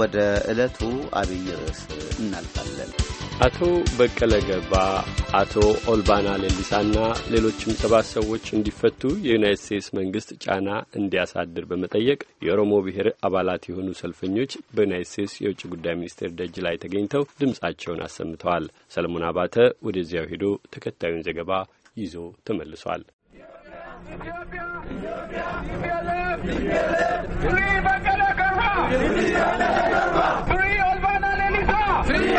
ወደ ዕለቱ አብይ ርዕስ እናልፋለን። አቶ በቀለ ገርባ፣ አቶ ኦልባና ሌሊሳና ሌሎችም ሰባት ሰዎች እንዲፈቱ የዩናይት ስቴትስ መንግስት ጫና እንዲያሳድር በመጠየቅ የኦሮሞ ብሔር አባላት የሆኑ ሰልፈኞች በዩናይት ስቴትስ የውጭ ጉዳይ ሚኒስቴር ደጅ ላይ ተገኝተው ድምጻቸውን አሰምተዋል። ሰለሞን አባተ ወደዚያው ሄዶ ተከታዩን ዘገባ ይዞ ተመልሷል። Free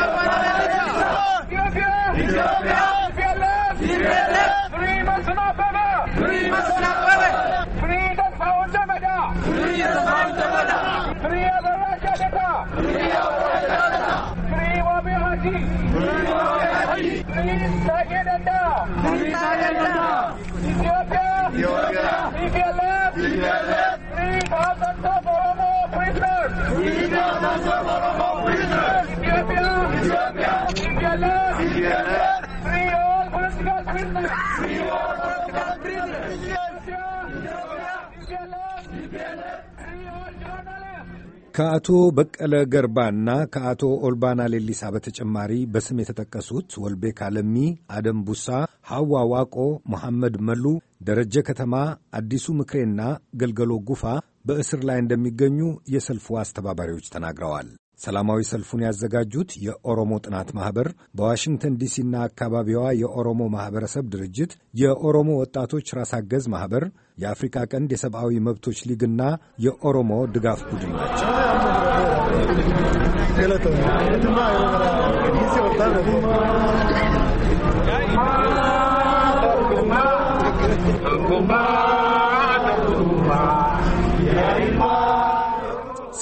ከአቶ በቀለ ገርባና ከአቶ ኦልባና ሌሊሳ በተጨማሪ በስም የተጠቀሱት ወልቤ ካለሚ፣ አደም ቡሳ፣ ሐዋ ዋቆ፣ መሐመድ መሉ፣ ደረጀ ከተማ፣ አዲሱ ምክሬና ገልገሎ ጉፋ በእስር ላይ እንደሚገኙ የሰልፉ አስተባባሪዎች ተናግረዋል። ሰላማዊ ሰልፉን ያዘጋጁት የኦሮሞ ጥናት ማኅበር፣ በዋሽንግተን ዲሲና አካባቢዋ የኦሮሞ ማኅበረሰብ ድርጅት፣ የኦሮሞ ወጣቶች ራስ አገዝ ማኅበር፣ የአፍሪካ ቀንድ የሰብአዊ መብቶች ሊግና የኦሮሞ ድጋፍ ቡድን ናቸው።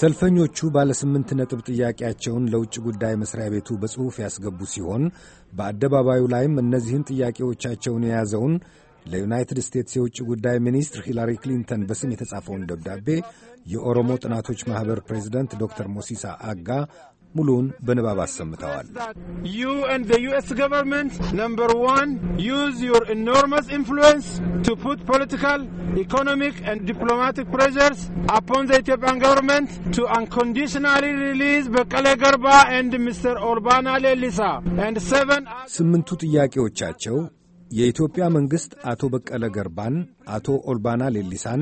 ሰልፈኞቹ ባለ ስምንት ነጥብ ጥያቄያቸውን ለውጭ ጉዳይ መስሪያ ቤቱ በጽሑፍ ያስገቡ ሲሆን በአደባባዩ ላይም እነዚህን ጥያቄዎቻቸውን የያዘውን ለዩናይትድ ስቴትስ የውጭ ጉዳይ ሚኒስትር ሂላሪ ክሊንተን በስም የተጻፈውን ደብዳቤ የኦሮሞ ጥናቶች ማኅበር ፕሬዚደንት ዶክተር ሞሲሳ አጋ ሙሉውን በንባብ አሰምተዋል። ዩ ኤንድ ዘ ገቨርንመንት ነምበር ዋን ዩዝ ዩር ኢኖርመስ ኢንፍሉዌንስ ቱ ፑት ፖለቲካል ኢኮኖሚክ ኤንድ ዲፕሎማቲክ ፕሬዘርስ አፖን ዘ ኢትዮጵያን ገቨርንመንት ቱ አንኮንዲሽናሊ ሪሊዝ በቀለ ገርባ ኤንድ ሚስተር ኦልባና ሌሊሳ ኤንድ ሰቨን ስምንቱ ጥያቄዎቻቸው የኢትዮጵያ መንግሥት አቶ በቀለ ገርባን፣ አቶ ኦልባና ሌሊሳን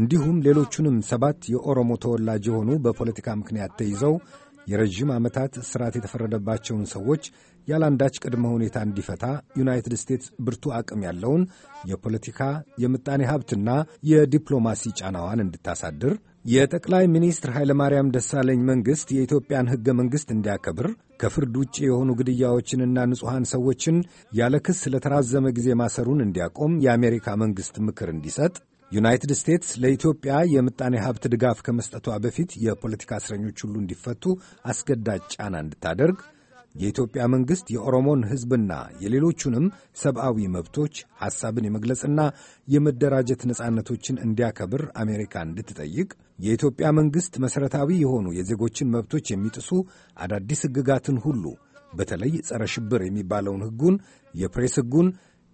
እንዲሁም ሌሎቹንም ሰባት የኦሮሞ ተወላጅ የሆኑ በፖለቲካ ምክንያት ተይዘው የረዥም ዓመታት ሥርዓት የተፈረደባቸውን ሰዎች ያለአንዳች ቅድመ ሁኔታ እንዲፈታ ዩናይትድ ስቴትስ ብርቱ አቅም ያለውን የፖለቲካ የምጣኔ ሀብትና የዲፕሎማሲ ጫናዋን እንድታሳድር የጠቅላይ ሚኒስትር ኃይለማርያም ደሳለኝ መንግሥት የኢትዮጵያን ሕገ መንግሥት እንዲያከብር ከፍርድ ውጭ የሆኑ ግድያዎችንና ንጹሐን ሰዎችን ያለ ክስ ለተራዘመ ጊዜ ማሰሩን እንዲያቆም የአሜሪካ መንግሥት ምክር እንዲሰጥ ዩናይትድ ስቴትስ ለኢትዮጵያ የምጣኔ ሀብት ድጋፍ ከመስጠቷ በፊት የፖለቲካ እስረኞች ሁሉ እንዲፈቱ አስገዳጅ ጫና እንድታደርግ የኢትዮጵያ መንግሥት የኦሮሞን ሕዝብና የሌሎቹንም ሰብአዊ መብቶች ሐሳብን የመግለጽና የመደራጀት ነጻነቶችን እንዲያከብር አሜሪካ እንድትጠይቅ የኢትዮጵያ መንግሥት መሠረታዊ የሆኑ የዜጎችን መብቶች የሚጥሱ አዳዲስ ሕግጋትን ሁሉ በተለይ ጸረ ሽብር የሚባለውን ሕጉን የፕሬስ ሕጉን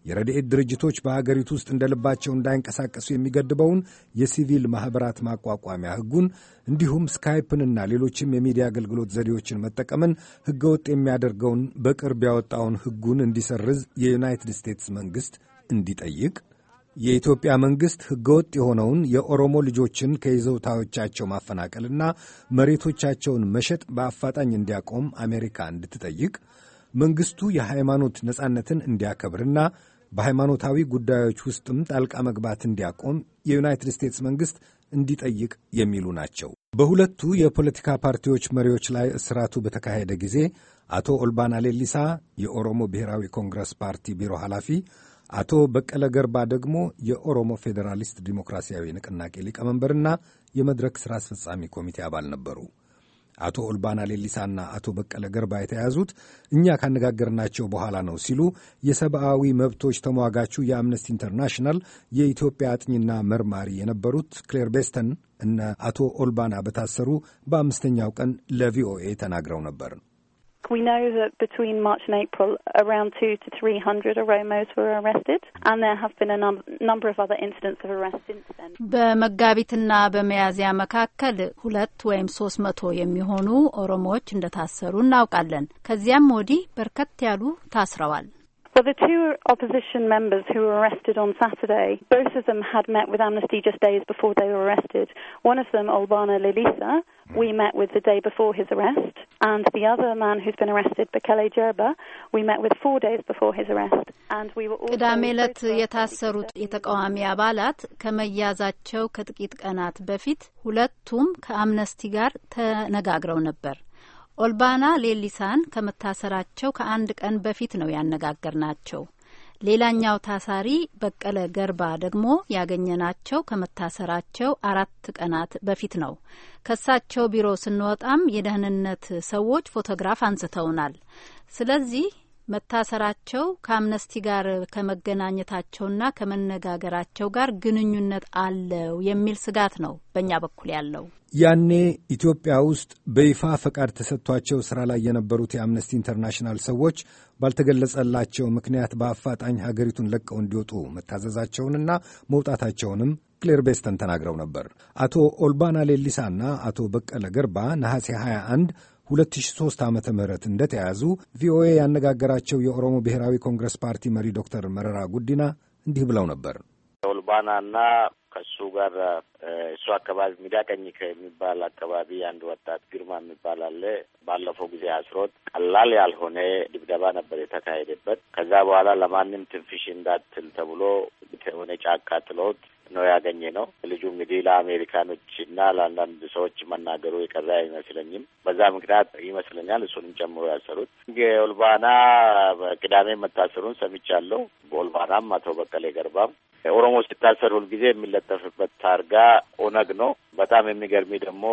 የረድኤት ድርጅቶች በሀገሪቱ ውስጥ እንደ ልባቸው እንዳይንቀሳቀሱ የሚገድበውን የሲቪል ማኅበራት ማቋቋሚያ ሕጉን እንዲሁም ስካይፕንና ሌሎችም የሚዲያ አገልግሎት ዘዴዎችን መጠቀምን ህገወጥ የሚያደርገውን በቅርብ ያወጣውን ሕጉን እንዲሰርዝ የዩናይትድ ስቴትስ መንግሥት እንዲጠይቅ የኢትዮጵያ መንግሥት ህገወጥ የሆነውን የኦሮሞ ልጆችን ከይዘውታዎቻቸው ማፈናቀልና መሬቶቻቸውን መሸጥ በአፋጣኝ እንዲያቆም አሜሪካ እንድትጠይቅ መንግሥቱ የሃይማኖት ነጻነትን እንዲያከብርና በሃይማኖታዊ ጉዳዮች ውስጥም ጣልቃ መግባት እንዲያቆም የዩናይትድ ስቴትስ መንግሥት እንዲጠይቅ የሚሉ ናቸው። በሁለቱ የፖለቲካ ፓርቲዎች መሪዎች ላይ እስራቱ በተካሄደ ጊዜ አቶ ኦልባና ሌሊሳ የኦሮሞ ብሔራዊ ኮንግረስ ፓርቲ ቢሮ ኃላፊ፣ አቶ በቀለ ገርባ ደግሞ የኦሮሞ ፌዴራሊስት ዲሞክራሲያዊ ንቅናቄ ሊቀመንበርና የመድረክ ሥራ አስፈጻሚ ኮሚቴ አባል ነበሩ። አቶ ኦልባና ሌሊሳና አቶ በቀለ ገርባ የተያዙት እኛ ካነጋገርናቸው በኋላ ነው ሲሉ የሰብአዊ መብቶች ተሟጋቹ የአምነስቲ ኢንተርናሽናል የኢትዮጵያ አጥኚና መርማሪ የነበሩት ክሌር ቤስተን እነ አቶ ኦልባና በታሰሩ በአምስተኛው ቀን ለቪኦኤ ተናግረው ነበር። We know that between March and April, around two to 300 Oromos were arrested, and there have been a num number of other incidents of arrest since then. በመጋቢትና በሚያዝያ መካከል ሁለት ወይም ሶስት መቶ የሚሆኑ ኦሮሞዎች እንደታሰሩ እናውቃለን። ከዚያም ወዲህ በርከት ያሉ ታስረዋል። Well, the two opposition members who were arrested on Saturday, both of them had met with Amnesty just days before they were arrested. One of them, Olbana Lilisa, we met with the day before his arrest, and the other man who's been arrested, Bekele Jerba, we met with four days before his arrest. And we were all ቅዳሜ ዕለት የታሰሩት የተቃዋሚ አባላት ከመያዛቸው ከጥቂት ቀናት በፊት ሁለቱም ከአምነስቲ ጋር ተነጋግረው ነበር። ኦልባና ሌሊሳን ከመታሰራቸው ከአንድ ቀን በፊት ነው ያነጋገርናቸው። ሌላኛው ታሳሪ በቀለ ገርባ ደግሞ ያገኘናቸው ከመታሰራቸው አራት ቀናት በፊት ነው። ከሳቸው ቢሮ ስንወጣም የደህንነት ሰዎች ፎቶግራፍ አንስተውናል። ስለዚህ መታሰራቸው ከአምነስቲ ጋር ከመገናኘታቸውና ከመነጋገራቸው ጋር ግንኙነት አለው የሚል ስጋት ነው በእኛ በኩል ያለው። ያኔ ኢትዮጵያ ውስጥ በይፋ ፈቃድ ተሰጥቷቸው ስራ ላይ የነበሩት የአምነስቲ ኢንተርናሽናል ሰዎች ባልተገለጸላቸው ምክንያት በአፋጣኝ ሀገሪቱን ለቀው እንዲወጡ መታዘዛቸውንና መውጣታቸውንም ክሌር ቤስተን ተናግረው ነበር። አቶ ኦልባና ሌሊሳና አቶ በቀለ ገርባ ነሐሴ 21 2003 ዓ ም እንደተያዙ ቪኦኤ ያነጋገራቸው የኦሮሞ ብሔራዊ ኮንግረስ ፓርቲ መሪ ዶክተር መረራ ጉዲና እንዲህ ብለው ነበር። ኦልባናና ከሱ ጋር እሱ አካባቢ ሚዳቀኝ ከሚባል አካባቢ አንድ ወጣት ግርማ የሚባል አለ። ባለፈው ጊዜ አስሮት ቀላል ያልሆነ ድብደባ ነበር የተካሄደበት። ከዛ በኋላ ለማንም ትንፍሽ እንዳትል ተብሎ የሆነ ጫካ ጥሎት ነው ያገኘ ነው። ልጁ እንግዲህ ለአሜሪካኖች እና ለአንዳንድ ሰዎች መናገሩ የቀረ አይመስለኝም። በዛ ምክንያት ይመስለኛል እሱንም ጨምሮ ያሰሩት። ኦልባና ቅዳሜ መታሰሩን ሰምቻለሁ። በኦልባናም አቶ በቀሌ ገርባም ኦሮሞ ሲታሰር ሁልጊዜ የሚለጠፍበት ታርጋ ኦነግ ነው። በጣም የሚገርሚ ደግሞ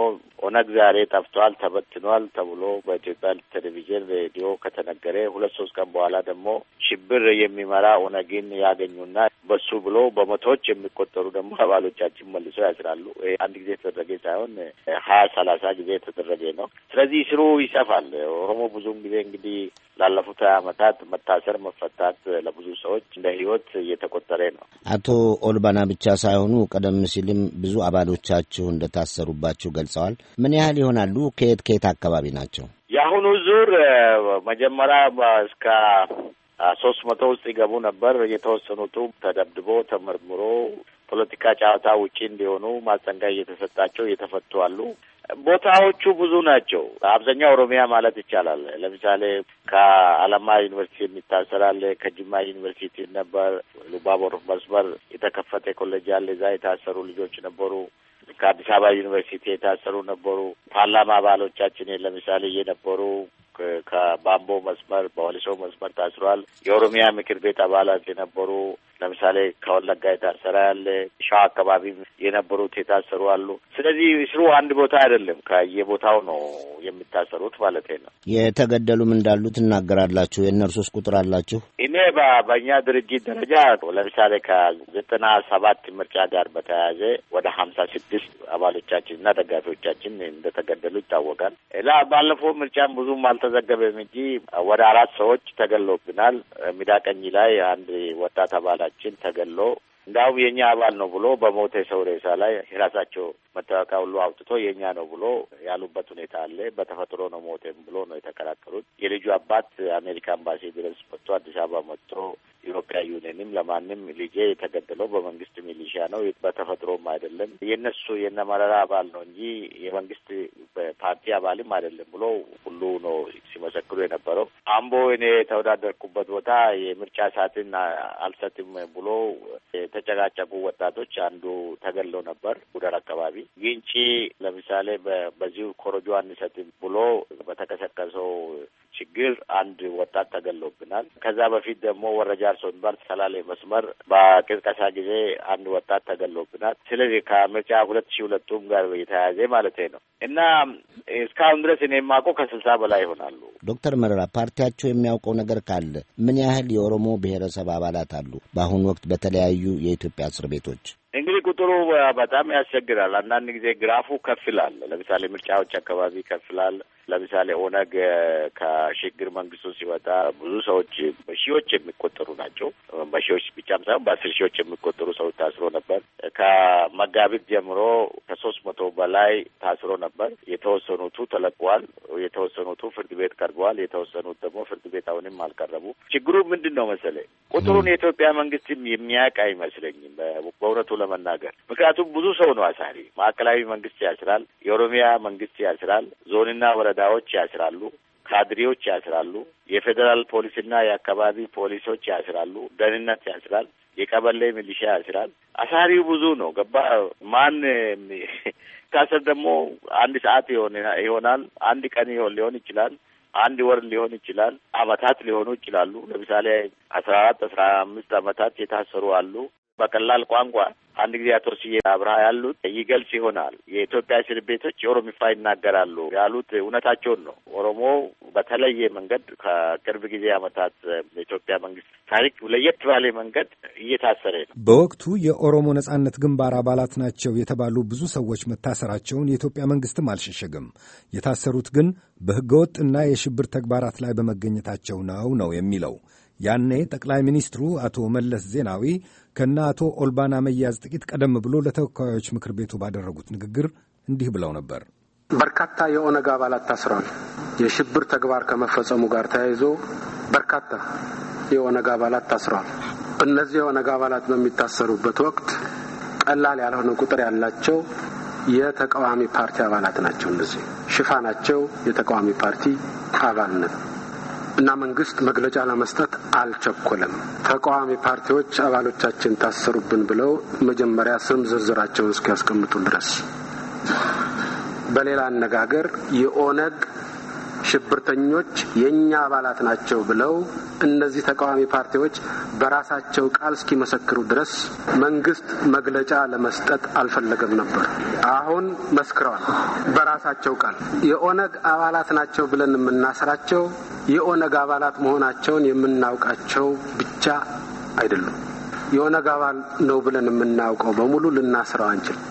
ኦነግ ዛሬ ጠፍቷል፣ ተበትኗል ተብሎ በኢትዮጵያ ቴሌቪዥን ሬዲዮ ከተነገረ ሁለት ሶስት ቀን በኋላ ደግሞ ሽብር የሚመራ ኦነግን ያገኙና በሱ ብሎ በመቶዎች የሚቆጠሩ ደግሞ አባሎቻችን መልሶ ያስራሉ። አንድ ጊዜ የተደረገ ሳይሆን ሀያ ሰላሳ ጊዜ የተደረገ ነው። ስለዚህ ስሩ ይሰፋል። ኦሮሞ ብዙም ጊዜ እንግዲህ ላለፉት ሀያ ዓመታት መታሰር መፈታት ለብዙ ሰዎች እንደ ህይወት እየተቆጠረ ነው። አቶ ኦልባና ብቻ ሳይሆኑ ቀደም ሲልም ብዙ አባሎቻችሁ እንደታሰሩባችሁ ገልጸዋል። ምን ያህል ይሆናሉ? ከየት ከየት አካባቢ ናቸው? የአሁኑ ዙር መጀመሪያ እስከ ሶስት መቶ ውስጥ ይገቡ ነበር። የተወሰኑቱ ተደብድቦ ተመርምሮ ፖለቲካ ጨዋታ ውጪ እንዲሆኑ ማስጠንቀቂያ እየተሰጣቸው እየተፈቱ አሉ። ቦታዎቹ ብዙ ናቸው። አብዛኛው ኦሮሚያ ማለት ይቻላል። ለምሳሌ ከአለማ ዩኒቨርሲቲ የሚታሰራል። ከጅማ ዩኒቨርሲቲ ነበር። ሉባቦር መስመር የተከፈተ ኮሌጅ አለ። እዛ የታሰሩ ልጆች ነበሩ። ከአዲስ አበባ ዩኒቨርሲቲ የታሰሩ ነበሩ። ፓርላማ አባሎቻችን ለምሳሌ እየነበሩ ከባምቦ መስመር በወሊሶ መስመር ታስሯል። የኦሮሚያ ምክር ቤት አባላት የነበሩ ለምሳሌ ከወለጋ የታሰረ ያለ ሸዋ አካባቢ የነበሩት የታሰሩ አሉ። ስለዚህ እስሩ አንድ ቦታ አይደለም፣ ከየቦታው ነው የሚታሰሩት ማለት ነው። የተገደሉም እንዳሉ ትናገራላችሁ። የእነርሱስ ቁጥር አላችሁ? እኔ በእኛ ድርጅት ደረጃ ለምሳሌ ከዘጠና ሰባት ምርጫ ጋር በተያያዘ ወደ ሀምሳ ስድስት አባሎቻችን እና ደጋፊዎቻችን እንደተገደሉ ይታወቃል። ሌላ ባለፈው ምርጫም ብዙም አልተዘገበም እንጂ ወደ አራት ሰዎች ተገሎብናል። ሚዳቀኝ ላይ አንድ ወጣት አባላ አባላችን ተገሎ እንዳውም የእኛ አባል ነው ብሎ በሞተ ሰው ሬሳ ላይ የራሳቸው መታወቂያ ሁሉ አውጥቶ የእኛ ነው ብሎ ያሉበት ሁኔታ አለ። በተፈጥሮ ነው ሞቴም ብሎ ነው የተከራከሩት። የልጁ አባት አሜሪካ ኤምባሲ ድረስ መጥቶ አዲስ አበባ መጥቶ ኢትዮጵያ ዩኒየንም ለማንም ልጄ የተገደለው በመንግስት ሚሊሺያ ነው፣ በተፈጥሮም አይደለም የእነሱ የነ መረራ አባል ነው እንጂ የመንግስት ፓርቲ አባልም አይደለም ብሎ ሁሉ ነው ሲመሰክሩ የነበረው። አምቦ እኔ የተወዳደርኩበት ቦታ የምርጫ ሰዓትን አልሰጥም ብሎ የተጨቃጨቁ ወጣቶች አንዱ ተገለው ነበር። ጉደር አካባቢ ግንጪ ለምሳሌ በዚሁ ኮረጆ አንሰጥም ብሎ በተቀሰቀሰው ችግር አንድ ወጣት ተገሎብናል። ከዛ በፊት ደግሞ ወረጃ አርሶ ሚባል ሰላሌ መስመር በቅስቀሳ ጊዜ አንድ ወጣት ተገሎብናል። ስለዚህ ከምርጫ ሁለት ሺ ሁለቱም ጋር የተያያዘ ማለት ነው እና እስካሁን ድረስ እኔ የማውቀው ከስልሳ በላይ ይሆናሉ። ዶክተር መረራ ፓርቲያቸው የሚያውቀው ነገር ካለ ምን ያህል የኦሮሞ ብሔረሰብ አባላት አሉ በአሁኑ ወቅት በተለያዩ የኢትዮጵያ እስር ቤቶች? እንግዲህ ቁጥሩ በጣም ያስቸግራል። አንዳንድ ጊዜ ግራፉ ከፍላል። ለምሳሌ ምርጫዎች አካባቢ ከፍላል። ለምሳሌ ኦነግ ከሽግግር መንግስቱ ሲወጣ ብዙ ሰዎች በሺዎች የሚቆጠሩ ናቸው። በሺዎች ብቻም ሳይሆን በአስር ሺዎች የሚቆጠሩ ሰዎች ታስሮ ነበር። ከመጋቢት ጀምሮ ከሶስት መቶ በላይ ታስሮ ነበር። የተወሰኑቱ ተለቀዋል። የተወሰኑቱ ፍርድ ቤት ቀርበዋል። የተወሰኑት ደግሞ ፍርድ ቤት አሁንም አልቀረቡ። ችግሩ ምንድን ነው መሰለ ቁጥሩን የኢትዮጵያ መንግስትም የሚያውቅ አይመስለኝም በእውነቱ ለመናገር ምክንያቱም ብዙ ሰው ነው አሳሪ። ማዕከላዊ መንግስት ያስራል፣ የኦሮሚያ መንግስት ያስራል፣ ዞንና ወረዳ ወረዳዎች ያስራሉ፣ ካድሬዎች ያስራሉ፣ የፌዴራል ፖሊስና የአካባቢ ፖሊሶች ያስራሉ፣ ደህንነት ያስራል፣ የቀበሌ ሚሊሻ ያስራል። አሳሪው ብዙ ነው። ገባ ማን ካሰር ደግሞ አንድ ሰዓት ይሆናል፣ አንድ ቀን ሊሆን ይችላል አንድ ወር ሊሆን ይችላል። አመታት ሊሆኑ ይችላሉ። ለምሳሌ አስራ አራት አስራ አምስት አመታት የታሰሩ አሉ። በቀላል ቋንቋ አንድ ጊዜ አቶ ስዬ አብርሃ ያሉት ይገልጽ ይሆናል። የኢትዮጵያ እስር ቤቶች የኦሮሚፋ ይናገራሉ ያሉት እውነታቸውን ነው። ኦሮሞ በተለየ መንገድ ከቅርብ ጊዜ ዓመታት የኢትዮጵያ መንግስት ታሪክ ለየት ባለ መንገድ እየታሰረ ነው። በወቅቱ የኦሮሞ ነጻነት ግንባር አባላት ናቸው የተባሉ ብዙ ሰዎች መታሰራቸውን የኢትዮጵያ መንግስትም አልሸሸግም። የታሰሩት ግን በህገወጥና የሽብር ተግባራት ላይ በመገኘታቸው ነው ነው የሚለው ያኔ ጠቅላይ ሚኒስትሩ አቶ መለስ ዜናዊ ከነ አቶ ኦልባና መያዝ ጥቂት ቀደም ብሎ ለተወካዮች ምክር ቤቱ ባደረጉት ንግግር እንዲህ ብለው ነበር። በርካታ የኦነግ አባላት ታስረዋል። የሽብር ተግባር ከመፈጸሙ ጋር ተያይዞ በርካታ የኦነግ አባላት ታስረዋል። እነዚህ የኦነግ አባላት በሚታሰሩበት ወቅት ቀላል ያልሆነ ቁጥር ያላቸው የተቃዋሚ ፓርቲ አባላት ናቸው። እነዚህ ሽፋናቸው የተቃዋሚ ፓርቲ አባልነት እና መንግስት መግለጫ ለመስጠት አልቸኮለም። ተቃዋሚ ፓርቲዎች አባሎቻችን ታሰሩብን ብለው መጀመሪያ ስም ዝርዝራቸውን እስኪያስቀምጡ ድረስ በሌላ አነጋገር የኦነግ ሽብርተኞች የእኛ አባላት ናቸው ብለው እነዚህ ተቃዋሚ ፓርቲዎች በራሳቸው ቃል እስኪመሰክሩ ድረስ መንግስት መግለጫ ለመስጠት አልፈለገም ነበር። አሁን መስክረዋል በራሳቸው ቃል። የኦነግ አባላት ናቸው ብለን የምናስራቸው የኦነግ አባላት መሆናቸውን የምናውቃቸው ብቻ አይደሉም። የኦነግ አባል ነው ብለን የምናውቀው በሙሉ ልናስረው አንችልም።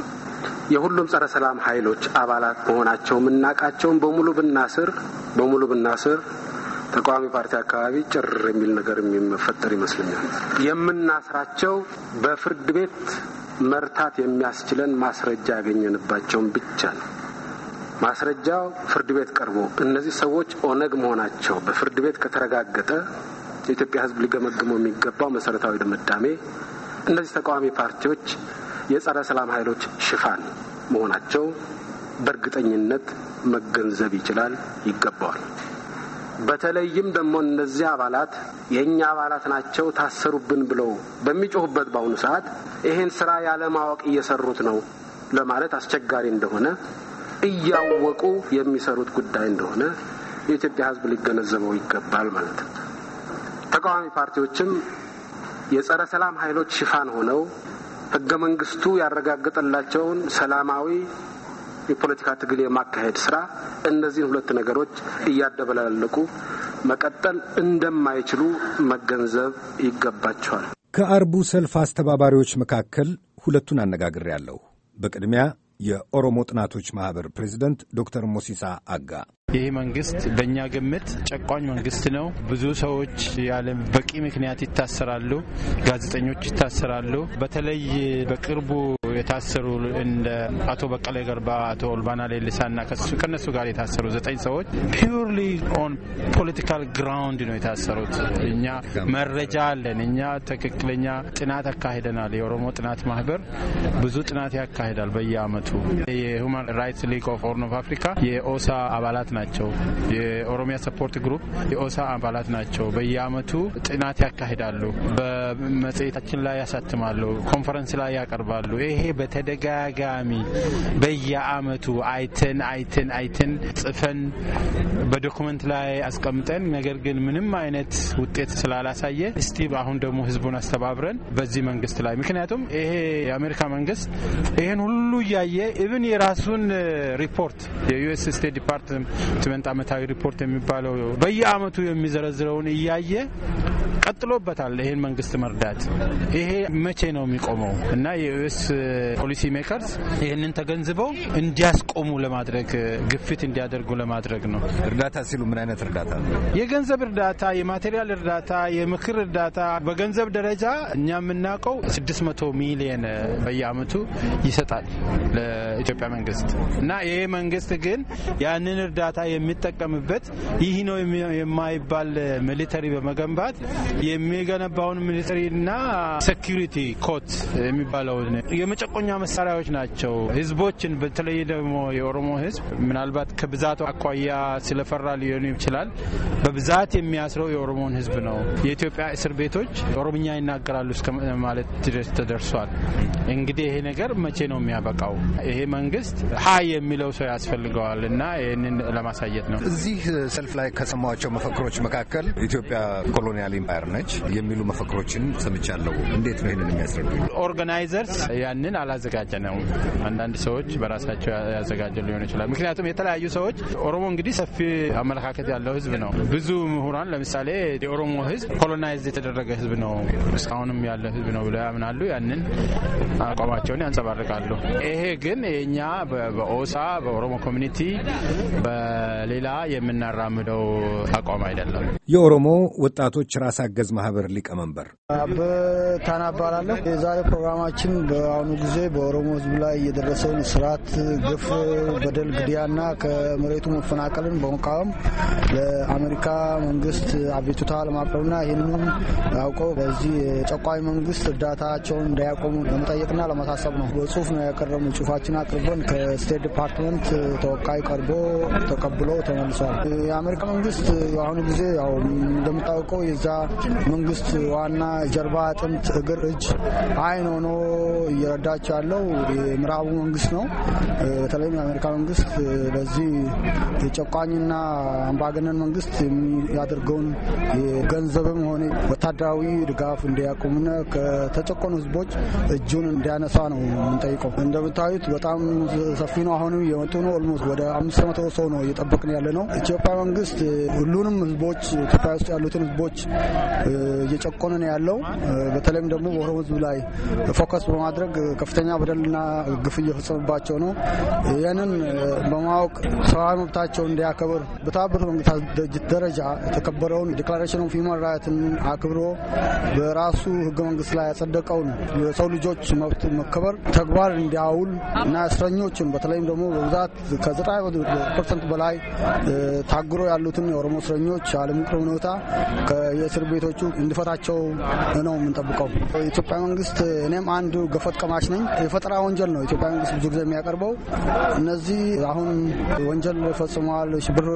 የሁሉም ጸረ ሰላም ኃይሎች አባላት መሆናቸው የምናቃቸውን በሙሉ ብናስር በሙሉ ብናስር ተቃዋሚ ፓርቲ አካባቢ ጭር የሚል ነገር የሚፈጠር ይመስለኛል። የምናስራቸው በፍርድ ቤት መርታት የሚያስችለን ማስረጃ ያገኘንባቸውን ብቻ ነው። ማስረጃው ፍርድ ቤት ቀርቦ እነዚህ ሰዎች ኦነግ መሆናቸው በፍርድ ቤት ከተረጋገጠ የኢትዮጵያ ሕዝብ ሊገመግመው የሚገባው መሰረታዊ ድምዳሜ እነዚህ ተቃዋሚ ፓርቲዎች የጸረ ሰላም ኃይሎች ሽፋን መሆናቸው በእርግጠኝነት መገንዘብ ይችላል፣ ይገባዋል። በተለይም ደግሞ እነዚህ አባላት የእኛ አባላት ናቸው ታሰሩብን ብለው በሚጮሁበት በአሁኑ ሰዓት ይሄን ስራ ያለማወቅ እየሰሩት ነው ለማለት አስቸጋሪ እንደሆነ እያወቁ የሚሰሩት ጉዳይ እንደሆነ የኢትዮጵያ ሕዝብ ሊገነዘበው ይገባል ማለት ነው። ተቃዋሚ ፓርቲዎችም የጸረ ሰላም ኃይሎች ሽፋን ሆነው ህገ መንግስቱ ያረጋገጠላቸውን ሰላማዊ የፖለቲካ ትግል የማካሄድ ስራ እነዚህን ሁለት ነገሮች እያደበላለቁ መቀጠል እንደማይችሉ መገንዘብ ይገባቸዋል። ከአርቡ ሰልፍ አስተባባሪዎች መካከል ሁለቱን አነጋግሬያለሁ። በቅድሚያ የኦሮሞ ጥናቶች ማኅበር ፕሬዚደንት ዶክተር ሞሲሳ አጋ ይህ መንግስት በእኛ ግምት ጨቋኝ መንግስት ነው። ብዙ ሰዎች ያለ በቂ ምክንያት ይታሰራሉ። ጋዜጠኞች ይታሰራሉ። በተለይ በቅርቡ የታሰሩ እንደ አቶ በቀለ ገርባ፣ አቶ ኦልባና ሌሊሳና ከነሱ ጋር የታሰሩ ዘጠኝ ሰዎች ፒውርሊ ኦን ፖለቲካል ግራውንድ ነው የታሰሩት። እኛ መረጃ አለን። እኛ ትክክለኛ ጥናት አካሂደናል። የኦሮሞ ጥናት ማህበር ብዙ ጥናት ያካሂዳል በየአመቱ። የሁማን ራይትስ ሊግ ኦፍ ኦርኖፍ አፍሪካ የኦሳ አባላት ናቸው። ናቸው። የኦሮሚያ ሰፖርት ግሩፕ የኦሳ አባላት ናቸው። በየአመቱ ጥናት ያካሂዳሉ። በመጽሔታችን ላይ ያሳትማሉ። ኮንፈረንስ ላይ ያቀርባሉ። ይሄ በተደጋጋሚ በየአመቱ አይተን አይተን አይተን ጽፈን በዶክመንት ላይ አስቀምጠን ነገር ግን ምንም አይነት ውጤት ስላላሳየ እስቲ አሁን ደግሞ ህዝቡን አስተባብረን በዚህ መንግስት ላይ ምክንያቱም ይሄ የአሜሪካ መንግስት ይህን ሁሉ እያየ ኢብን የራሱን ሪፖርት የዩኤስ ስቴት ዲፓርትመንት ትመንት ዓመታዊ ሪፖርት የሚባለው በየአመቱ የሚዘረዝረውን እያየ ቀጥሎበታል። ይህን መንግስት መርዳት ይሄ መቼ ነው የሚቆመው? እና የዩኤስ ፖሊሲ ሜከርስ ይህንን ተገንዝበው እንዲያስቆሙ ለማድረግ ግፊት እንዲያደርጉ ለማድረግ ነው። እርዳታ ሲሉ ምን አይነት እርዳታ ነው? የገንዘብ እርዳታ፣ የማቴሪያል እርዳታ፣ የምክር እርዳታ። በገንዘብ ደረጃ እኛ የምናውቀው 600 ሚሊየን በየአመቱ ይሰጣል ለኢትዮጵያ መንግስት እና ይሄ መንግስት ግን ያንን እርዳታ የሚጠቀምበት ይህ ነው የማይባል ሚሊተሪ በመገንባት የሚገነባውን ሚሊተሪና ሴኪሪቲ ኮት የሚባለውን የመጨቆኛ መሳሪያዎች ናቸው። ህዝቦችን በተለይ ደግሞ የኦሮሞ ህዝብ ምናልባት ከብዛቱ አኳያ ስለፈራ ሊሆን ይችላል። በብዛት የሚያስረው የኦሮሞን ህዝብ ነው። የኢትዮጵያ እስር ቤቶች ኦሮምኛ ይናገራሉ እስከ ማለት ድረስ ተደርሷል። እንግዲህ ይሄ ነገር መቼ ነው የሚያበቃው? ይሄ መንግስት ሀይ የሚለው ሰው ያስፈልገዋል እና ይህንን ለማሳየት ነው። እዚህ ሰልፍ ላይ ከሰማቸው መፈክሮች መካከል ኢትዮጵያ ኮሎኒያል ኢምፓየር ነች የሚሉ መፈክሮችን ሰምቻለሁ። እንዴት ነው ይህንን የሚያስረዱ? ኦርጋናይዘርስ ያንን ነው። አንዳንድ ሰዎች በራሳቸው ያዘጋጀ ሊሆን ይችላል። ምክንያቱም የተለያዩ ሰዎች ኦሮሞ እንግዲህ ሰፊ አመለካከት ያለው ህዝብ ነው። ብዙ ምሁራን ለምሳሌ የኦሮሞ ህዝብ ኮሎናይዝ የተደረገ ህዝብ ነው፣ እስካሁንም ያለ ህዝብ ነው ብለው ያምናሉ። ያንን አቋማቸውን ያንጸባርቃሉ። ይሄ ግን የእኛ በኦሳ በኦሮሞ ኮሚኒቲ በሌላ የምናራምደው አቋም አይደለም። የኦሮሞ ወጣቶች ራስ አገዝ የመረዝ ማህበር ሊቀመንበር ታና እባላለሁ። የዛሬ ፕሮግራማችን በአሁኑ ጊዜ በኦሮሞ ህዝብ ላይ የደረሰውን ስርዓት፣ ግፍ፣ በደል፣ ግድያና ከመሬቱ መፈናቀልን በመቃወም ለአሜሪካ መንግስት አቤቱታ ለማቅረብና ይህንንም አውቀው በዚህ የጨቋኝ መንግስት እርዳታቸውን እንዳያቆሙ ለመጠየቅና ለማሳሰብ ነው። በጽሁፍ ነው ያቀረሙ። ጽሁፋችን አቅርበን ከስቴት ዲፓርትመንት ተወካይ ቀርቦ ተቀብሎ ተመልሷል። የአሜሪካ መንግስት በአሁኑ ጊዜ ያው እንደምታውቀው የዛ መንግስት ዋና ጀርባ፣ አጥንት፣ እግር፣ እጅ፣ አይን ሆኖ እየረዳቸው ያለው የምዕራቡ መንግስት ነው። በተለይም የአሜሪካ መንግስት ለዚህ የጨቋኝና አምባገነን መንግስት የሚያደርገውን የገንዘብም ሆነ ወታደራዊ ድጋፍ እንዲያቆምና ከተጨቆኑ ህዝቦች እጁን እንዲያነሳ ነው የምንጠይቀው። እንደምታዩት በጣም ሰፊ ነው። አሁንም የመጡ ነው። ኦልሞስት ወደ አምስት መቶ ሰው ነው እየጠበቅን ያለ ነው። ኢትዮጵያ መንግስት ሁሉንም ህዝቦች ኢትዮጵያ ውስጥ ያሉትን ህዝቦች እየጨቆነ ነው ያለው። በተለይም ደግሞ በኦሮሞ ህዝብ ላይ ፎከስ በማድረግ ከፍተኛ በደልና ግፍ እየፈጸመባቸው ነው። ይህንን በማወቅ ሰብአዊ መብታቸው እንዲያከብር በተባበሩት መንግስታት ድርጅት ደረጃ የተከበረውን ዲክላሬሽን ኦፍ ሂውማን ራይትን አክብሮ በራሱ ህገ መንግስት ላይ ያጸደቀውን የሰው ልጆች መብት መከበር ተግባር እንዲያውል እና እስረኞችን በተለይም ደግሞ በብዛት ከዘጠና ፐርሰንት በላይ ታግሮ ያሉትን የኦሮሞ እስረኞች አለምቅር ሁኔታ ከየእስር ቤቶች ችግሮቹ እንዲፈታቸው ነው የምንጠብቀው። ኢትዮጵያ መንግስት እኔም አንዱ ገፈት ቀማሽ ነኝ። የፈጠራ ወንጀል ነው ኢትዮጵያ መንግስት ብዙ ጊዜ የሚያቀርበው። እነዚህ አሁን ወንጀል ፈጽመዋል፣ ሽብር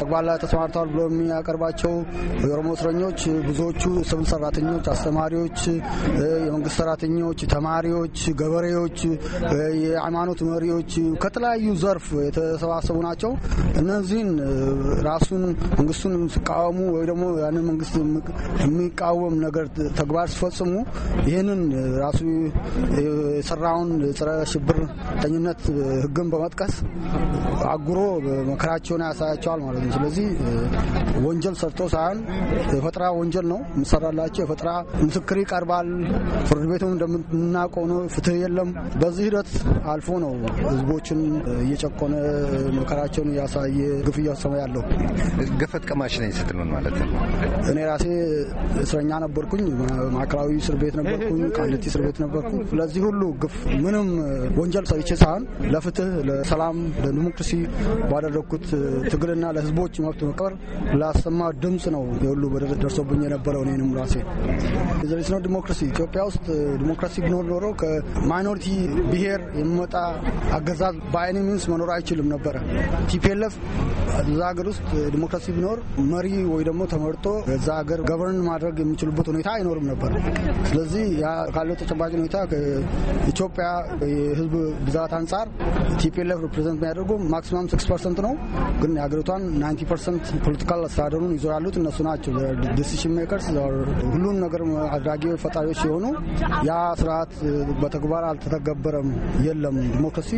ተግባር ላይ ተሰማርተዋል ብሎ የሚያቀርባቸው የኦሮሞ እስረኞች ብዙዎቹ ስብል ሰራተኞች፣ አስተማሪዎች፣ የመንግስት ሰራተኞች፣ ተማሪዎች፣ ገበሬዎች፣ የሃይማኖት መሪዎች ከተለያዩ ዘርፍ የተሰባሰቡ ናቸው። እነዚህን ራሱን መንግስቱን ሲቃወሙ ወይ ደግሞ ያንን መንግስት የሚቃወም ነገር ተግባር ሲፈጽሙ ይህንን ራሱ የሰራውን ጸረ ጠኝነት ህግን በመጥቀስ አጉሮ መከራቸውን ያሳያቸዋል ማለት ነው። ስለዚህ ወንጀል ሰርቶ ሳይሆን የፈጠራ ወንጀል ነው የምሰራላቸው። የፈጠራ ምስክር ይቀርባል። ፍርድ ቤቱም እንደምናውቀው ነው፣ ፍትህ የለም። በዚህ ሂደት አልፎ ነው ህዝቦችን እየጨቆነ መከራቸውን እያሳየ ግፍ እያሰማ ያለው ገፈት ቀማሽ ነኝ ስትል ምን ማለት ነው? እኔ ራሴ እስረኛ ነበርኩኝ፣ ማዕከላዊ እስር ቤት ነበርኩኝ፣ ቃሊቲ እስር ቤት ነበርኩ። ለዚህ ሁሉ ግፍ ምንም ወንጀል ሰርቼ ሳይሆን ለፍትህ፣ ለሰላም፣ ለዲሞክራሲ ባደረግኩት ትግልና ለህዝቦች መብት መቀበር ላሰማ ድምፅ ነው የሁሉ በደል ደርሶብኝ የነበረው እኔንም ራሴ ዘሪስ ነው ዲሞክራሲ ኢትዮጵያ ውስጥ ዲሞክራሲ ቢኖር ኖሮ ከማይኖሪቲ ብሄር የሚመጣ አገዛዝ በአይኒ ሚንስ መኖር አይችልም ነበረ። ቲፒኤልኤፍ እዛ ሀገር ውስጥ ዲሞክራሲ ቢኖር መሪ ወይ ደግሞ ተመርጦ እዛ ሀገር ገ ገቨርን ማድረግ የሚችሉበት ሁኔታ አይኖርም ነበር። ስለዚህ ካለው ተጨባጭ ሁኔታ ኢትዮጵያ የህዝብ ብዛት አንጻር ቲፒኤልኤፍ ሪፕሬዘንት የሚያደርጉ ማክሲማም ሲክስ ፐርሰንት ነው፣ ግን የሀገሪቷን ናይንቲ ፐርሰንት ፖለቲካል አስተዳደሩን ይዞ ያሉት እነሱ ናቸው። ዲሲሽን ሜከርስ ሁሉን ነገር አድራጊ ፈጣሪዎች ሲሆኑ ያ ስርዓት በተግባር አልተተገበረም። የለም ዲሞክራሲ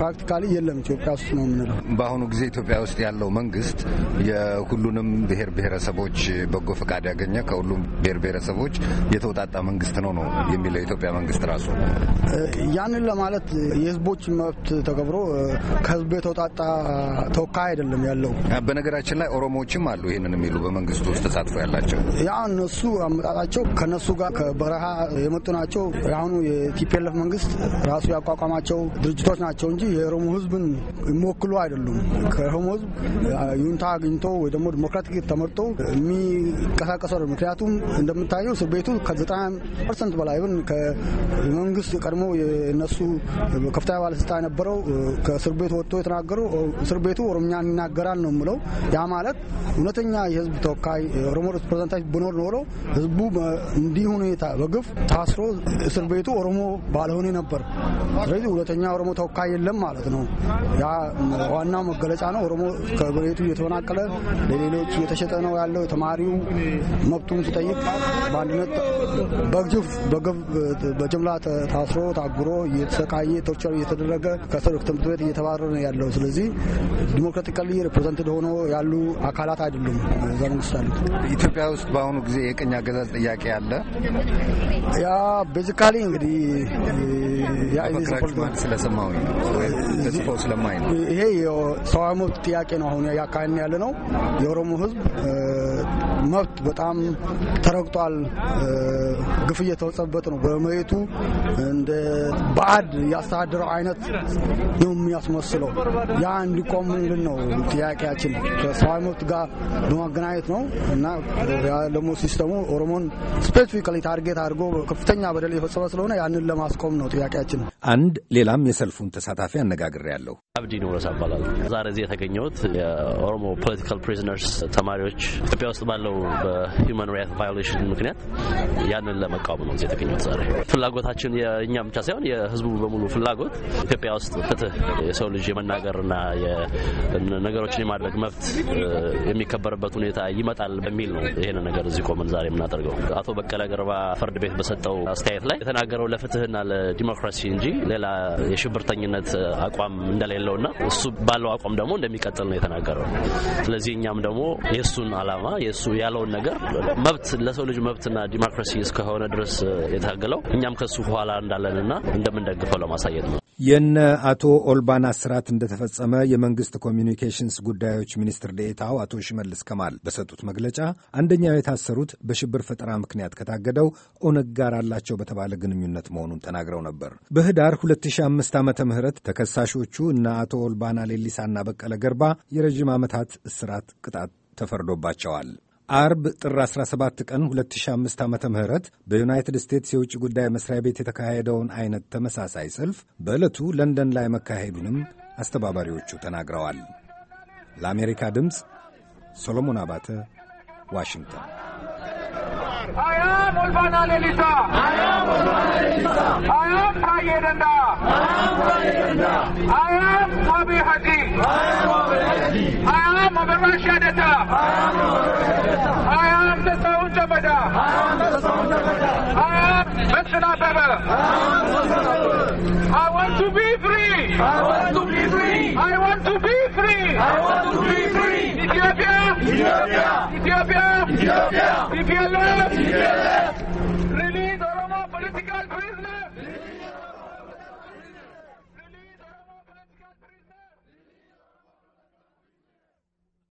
ፕራክቲካሊ የለም ኢትዮጵያ ውስጥ ነው የምንለው። በአሁኑ ጊዜ ኢትዮጵያ ውስጥ ያለው መንግስት የሁሉንም ብሔር ብሔረሰቦች በጎ ፈቃድ ያገኘ ከሁሉም ብሔር ብሔረሰቦች የተውጣጣ መንግስት ነው ነው የሚለው የኢትዮጵያ መንግስት ራሱ። ያንን ለማለት የህዝቦች መብት ተከብሮ ከህዝቡ የተውጣጣ ተወካይ አይደለም ያለው። በነገራችን ላይ ኦሮሞዎችም አሉ ይህንን የሚሉ በመንግስቱ ውስጥ ተሳትፎ ያላቸው። ያ እነሱ አመጣጣቸው ከነሱ ጋር ከበረሃ የመጡ ናቸው። የአሁኑ የቲፒኤልኤፍ መንግስት ራሱ ያቋቋማቸው ድርጅቶች ናቸው እንጂ የኦሮሞ ህዝብን የሚወክሉ አይደሉም። ከኦሮሞ ህዝብ ዩንታ አግኝቶ ወይ ደግሞ ዲሞክራቲክ ተመርጦ የሚንቀሳቀሱ ታሰሩ። ምክንያቱም እንደምታየው እስር ቤቱ ከዘጠና ፐርሰንት በላይ ብን ከመንግስት ቀድሞ የነሱ ከፍተኛ ባለስልጣን የነበረው ከእስር ቤት ወጥቶ የተናገሩ እስር ቤቱ ኦሮምኛ ይናገራል ነው የምለው። ያ ማለት እውነተኛ የህዝብ ተወካይ ኦሮሞ ሪፕሬዘንታቲቭ ብኖር ኖሮ ህዝቡ እንዲህ ሁኔታ በግፍ ታስሮ እስር ቤቱ ኦሮሞ ባለሆነ ነበር። ስለዚህ እውነተኛ ኦሮሞ ተወካይ የለም ማለት ነው። ያ ዋናው መገለጫ ነው። ኦሮሞ ከቤቱ እየተፈናቀለ ለሌሎች እየተሸጠ ነው ያለው። ተማሪው መብቱን ሲጠይቅ በአንድነት በግዙፍ በጅምላ ታስሮ ታጉሮ እየተሰቃየ ቶርቸር እየተደረገ ከሰር ትምህርት ቤት እየተባረረ ነው ያለው። ስለዚህ ዲሞክራቲካሊ ሪፕሬዘንትድ ሆኖ ያሉ አካላት አይደሉም እዛ መንግስት አሉ። ኢትዮጵያ ውስጥ በአሁኑ ጊዜ የቅኝ አገዛዝ ጥያቄ አለ። ያ ቤዚካሊ እንግዲህ ስለሰማሁኝ ነው ስለማይ ነው ይሄ ሰብአዊ መብት ጥያቄ ነው አሁን ያካሄድን ያለ ነው የኦሮሞ ህዝብ መብት በጣም ተረግጧል። ግፍ እየተፈጸመበት ነው። በመሬቱ እንደ ባዕድ ያስተዳደረው አይነት ነው የሚያስመስለው። ያ እንዲቆም ነው ጥያቄያችን ከሰብአዊ መብት ጋር በማገናኘት ነው እና ደግሞ ሲስተሙ ኦሮሞን ስፔሲፊካሊ ታርጌት አድርጎ ከፍተኛ በደል የፈጸመ ስለሆነ ያንን ለማስቆም ነው ጥያቄያችን። አንድ ሌላም የሰልፉን ተሳታፊ አነጋግሬያለሁ። አብዲ ኑረስ እባላለሁ። ዛሬ እዚህ የተገኘሁት የኦሮሞ ፖለቲካል ፕሪዝነርስ ተማሪዎች ኢትዮጵያ ውስጥ ባለው በሂውማን ራይት ቫዮሌሽን ምክንያት ያንን ለመቃወም ነው እዚህ የተገኘሁት። ዛሬ ፍላጎታችን የእኛ ብቻ ሳይሆን የህዝቡ በሙሉ ፍላጎት ኢትዮጵያ ውስጥ ፍትህ፣ የሰው ልጅ የመናገርና ነገሮችን የማድረግ መብት የሚከበርበት ሁኔታ ይመጣል በሚል ነው ይህን ነገር እዚህ ቆመን ዛሬ የምናደርገው። አቶ በቀለ ገርባ ፍርድ ቤት በሰጠው አስተያየት ላይ የተናገረው ለፍትህና ለዲሞክራሲ እንጂ ሌላ የሽብርተኝነት አቋም እንደሌለውና እሱ ባለው አቋም ደግሞ እንደሚቀጥል ነው የተናገረው። ስለዚህ እኛም ደግሞ የእሱን አላማ የእሱ ያለውን ነገር መብት ለሰው ልጅ መብትና ዲሞክራሲ እስከሆነ ድረስ የታገለው እኛም ከሱ በኋላ እንዳለንና እንደምንደግፈው ለማሳየት ነው። የነ አቶ ኦልባና ስርዓት እንደተፈጸመ የመንግስት ኮሚኒኬሽንስ ጉዳዮች ሚኒስትር ዴኤታው አቶ ሽመልስ ከማል በሰጡት መግለጫ አንደኛው የታሰሩት በሽብር ፈጠራ ምክንያት ከታገደው ኦነግ ጋር አላቸው በተባለ ግንኙነት መሆኑን ተናግረው ነበር። በህዳር 2005 ዓ ም ተከሳሾቹ እነ አቶ ኦልባና ሌሊሳና በቀለ ገርባ የረዥም ዓመታት እስራት ቅጣት ተፈርዶባቸዋል። አርብ ጥር 17 ቀን 2005 ዓ. ምህረት በዩናይትድ ስቴትስ የውጭ ጉዳይ መስሪያ ቤት የተካሄደውን አይነት ተመሳሳይ ሰልፍ በዕለቱ ለንደን ላይ መካሄዱንም አስተባባሪዎቹ ተናግረዋል። ለአሜሪካ ድምፅ ሶሎሞን አባተ ዋሽንግተን። I am I am of Al-Hadi. I am of data. I am of data. I am the Sound of a Ada. I am the Sound of Ada. I am Messina Baba. I am Messina I want to be free. I want to be free. I want to be free. I want to be free. Ethiopia. Ethiopia. Ethiopia. Ethiopia. Ethiopia. Ethiopia. Ethiopia.